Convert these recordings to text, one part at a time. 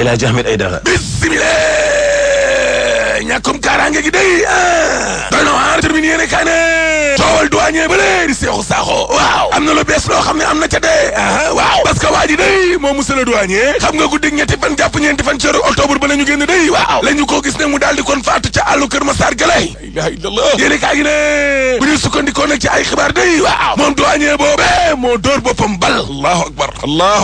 El Hadji Ahmed Aidara bismillah ñàkkum kaaraange gi day ah. doy na waar terminé yéene kaane coowal douanier ba lee di seexu saaxo waaw am na lu bees loo xam ne am na ca dee ah. waa ji day moom monsieur le douanier xam nga guddi ñetti fan jàpp ñeenti fan ceeru octobre ba la ñu day waaw la ñu ko gis ne mu daal di kon faatu ca àllu kër Massar Galaye la ilaha illallah yéene kaa gi ne bu ñu sukkandikoo nag ci ay xibaar day waaw moom douanier boobee moo dóor boppam bal allahu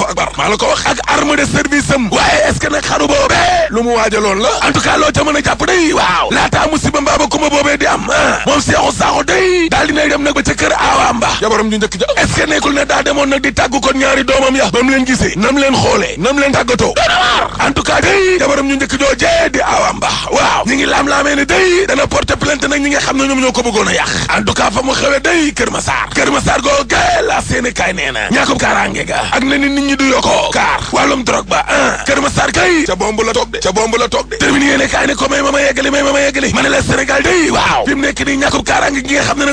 akbar maa la ko wax ak arme de service am waaye est ce que nag xaru boobee lu mu waajaloon la en tout cas loo ca mën a jàpp day waaw laataa kuma boobu loolee di am moom Seexu Saaxo day daal dinay dem nag ba ca kër aawaam ba jabaram ju njëkk ja est nekkul ne daa demoon nag di tàggu kon ñaari doomam ya ba mu leen gisee nam leen xoolee nam leen tàggatoo en tout cas day jabaram ñu njëkk joojee di aawaam ba waaw ñi ngi laam-laamee ne day dana porter plainte nag ñi nga xam ne ñoom ñoo ko bëggoon a yàq fa mu xewee day Kër Masaar Kër Masaar googe la seen kaay nee na ñaakub kaaraange ga ak na ni nit ñi du yokkoo kay ca bomb la toog de ca bomb la toog de terminé yéene kaay ne ko may ma ma yeggali may ma ma yeggali ma la Sénégal day waaw fi mu nekk nii gi nga xam ne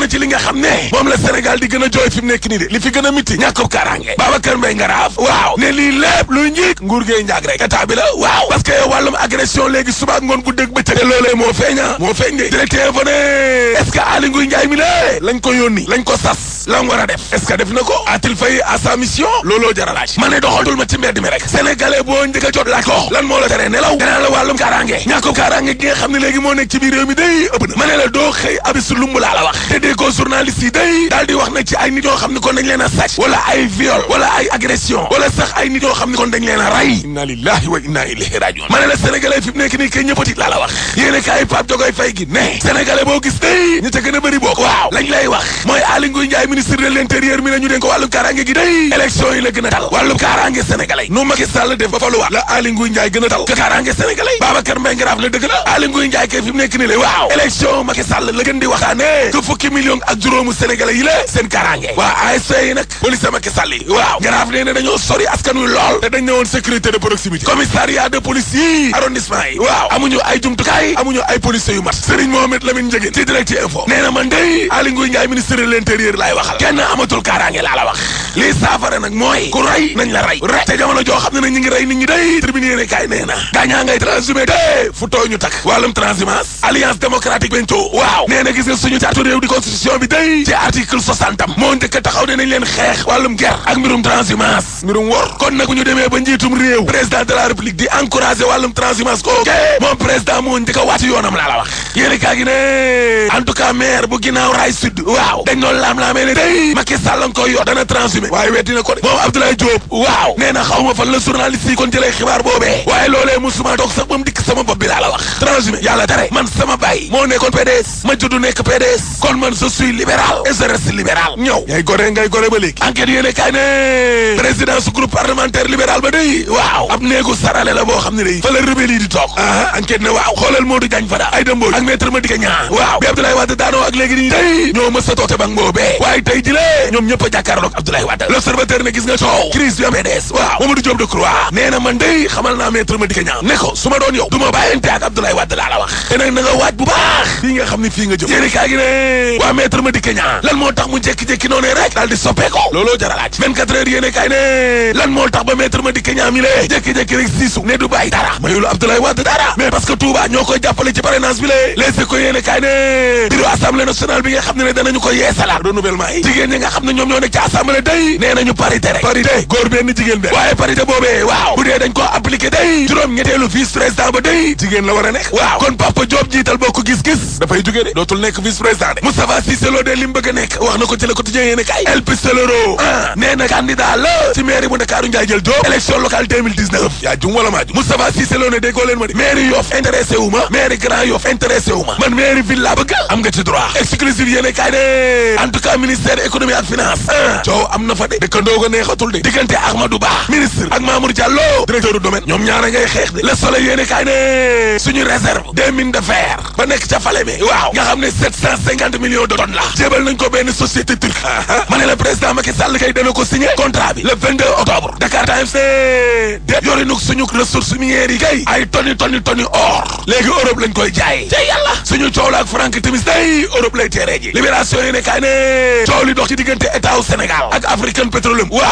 na ci li nga xam ne moom la Sénégal di gën a jooy fi mu de li fi gën a miti ñàkkub kaaraange Babacar Mbaye Ngaraaf waaw ne lii lépp luy njiit nguur gee njaag rek état bi waaw parce que wàllum agression léegi subaak ngoon gu dëgg bëccëg loolee moo feeña ah. moo feeñ de directeur fa looloo jara laaj ma ne doxatul ma ci mbedd mi rek sénégalais boo njëkk a jot ko lan moo la tere nelaw danaa la wàllum kaaraange ñàkko kaaraange gi nga xam ne léegi moo nekk ci biir réew mi day ëpp na ma ne la doo xëy abisu lumb laa la wax te ko journaliste yi day daal wax na ci ay nit yoo xam ne kon dañ leen a a rey inna lillahi wa inna ilayhi rajiun ma ne la sénégalais fi nekk nii kay ñëppati laa la wax yéene kaay Pape Diogoy Faye gi ne sénégalais boo gis day a a gën a tal wàllum kaaraange sénégalais nu Macky Sall def ba faluwaat la Aly Ngouille Ndiaye gën a tal ka kaaraange sénégalais Babacar Mbengue Ngaraaf la dëgg la Aly Ngouille Ndiaye kay fi mu nekk nii la waaw élection Macky Sall la gën di waxtaane que fukki million ak juróomu sénégalais yi la seen kaaraange waa ASP yi nag police Macky Sall yi waaw Ngaraaf nee na dañoo sori askan wi lool te dañ ne woon sécurité de proximité commissariat de police yi arrondissement yi waaw mooy ku rey nañ la rey rek te jamono joo xam na ñu ngi rey nit ñi day tribune yéene kaay nee gaañaa ngay transhumé té fu tooy ñu takk wàllum transhumance alliance démocratique bencoo waaw nee na gis nga suñu caatu réew di constitution bi day ci article soixante moo njëkk a taxaw ne xeex wàllum ger ak mbirum transhumance mbirum wor kon nag bu ñu demee ba njiitum réew président de la république di encouragé wàllum transhumance koo moom président moo njëkk a Abdoulaye Diop waaw nee na xaw ma fan la journaliste yi kon jëlee xibaar boobee waaye loolee musuma toog sax ba mu dikk sama bopp bi la wax transhumé yàlla dare man sama baay moo nekkoon PDS ma juddu nekk PDS kon man je suis libéral et je ñëw ngay gore ngay gore ba léegi enquête yéene kaay ne président su groupe ba day waaw ab néegu sarale la boo xam ne day fa la rebelle yi di toog aa ah, ah, enquête ne waaw xoolal Modou Diagne Fada ay dëmbooj a toote bang boobee nga coow crise bi am PDS waaw Mamadou Diop Decroix nee na man day xamal naa maître Madické Niang ne ko su ma doon yow du ma bàyyante ak Abdoulaye Wade wax te na nga waaj bu baax fii nga xam ne fii nga jëm yéeni kaa ne waa maître Madické Niang lan moo tax mu jékki-jékki noonee rek daal di soppeeko looloo jara laaj 24 heures yéene kaay ne lan moo tax ba maître Madické Niang mi lee jékki-jékki rek siisu ne du bàyyi dara mayulu Abdoulaye Wade dara mais parité góor benn jigéen benn waaye parité boobee waaw bu dee dañ ko appliqué day juróom ñetteelu vice président ba day jigéen la war nekk waaw kon Papa Diop jiital bokk gis-gis dafay jógee de dootul nekk vice président de Moustapha Cissé de li nekk wax na ko ci Le Quotidien yéen kay El Pistolero ah nee na la ci mairie bu Ndakaaru Ndiaye jël Diop élection locale 2019 yaa jum wala maa jum Moustapha Cissé ne de mairie ma ah. de dëkkandoo ko neexatul de diggante Ahmadou Ba ministre ak Mamour Diallo directeur du domaine ñoom ñaara ngay xeex de Le Soleil yéene kaay ne suñu réserve des mines de fer ba nekk ca Falémé waaw nga xam ne sept de tonnes la jébal nañ ko benn société turque ma ne la président Macky Sall kay dana ko signé contrat bi octobre Dakar Times de yori suñu ressources minières yi kay ay tonni tonni tonni or léegi Europe lañ koy jaay suñu coow ak Frank Timis Europe lay teeree ji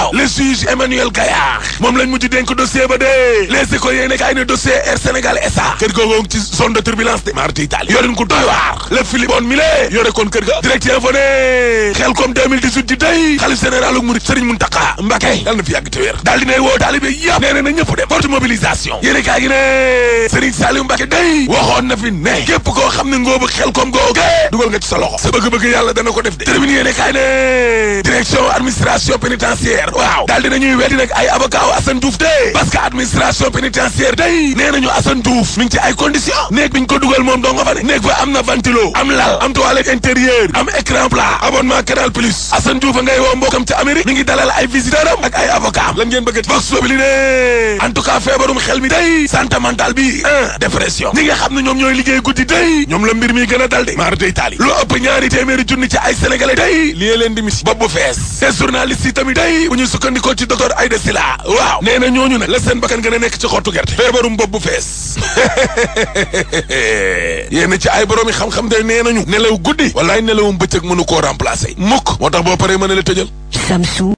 waaw le juge Emmanuel Gaillard moom lañ mujj dénk dossier ba dee les écoles yéen kay ne dossier Air Sénégal SA kër googu ci zone de turbulence de marti Italie yorin ko doy waar le Philippe Mile yore kon kër ga direct info ne xel comme 2018 ji day xalif général murid Serigne Mountakha Mbacké dal na fi yàgg te wér daal dinay woo taalibe yëpp nee na ñëpp dem forte mobilisation yéen kay gi ne Serigne Saliou Mbacké day waxoon na fi ne képp koo yàlla dana ko def de terminé yéen waaw daal dina ñuy nag ay avocat wu Assane Diouf que administration pénitentiaire day nee nañu Assane Diouf mi ngi ci ay conditions néeg bi ñu ko dugal moom doo nga fa ne néeg ba am na ventilo am lal am toilette intérieure am écran plat abonnement canal plus Assane a ngay woo mbokkam ca Amérique mi ngi dalal ay visiteurs ak ay avocat lan ngeen bëgg vox populi ne en feebarum xel mi day santé bi un dépression ñi nga xam ne ñoom ñooy liggéey guddi day ñoom la mbir mi sukkandikoo ci docteur Aïda Sila waaw nee na ñooñu nag la seen bakkan gën a nekk ci xottu gerte feebarum bopp bu fees yéen ci ay boroomi xam-xam de nee nañu nelaw guddi walaay nelawum bëccëg mënu koo remplacer mukk moo tax boo pare mën a la tëjal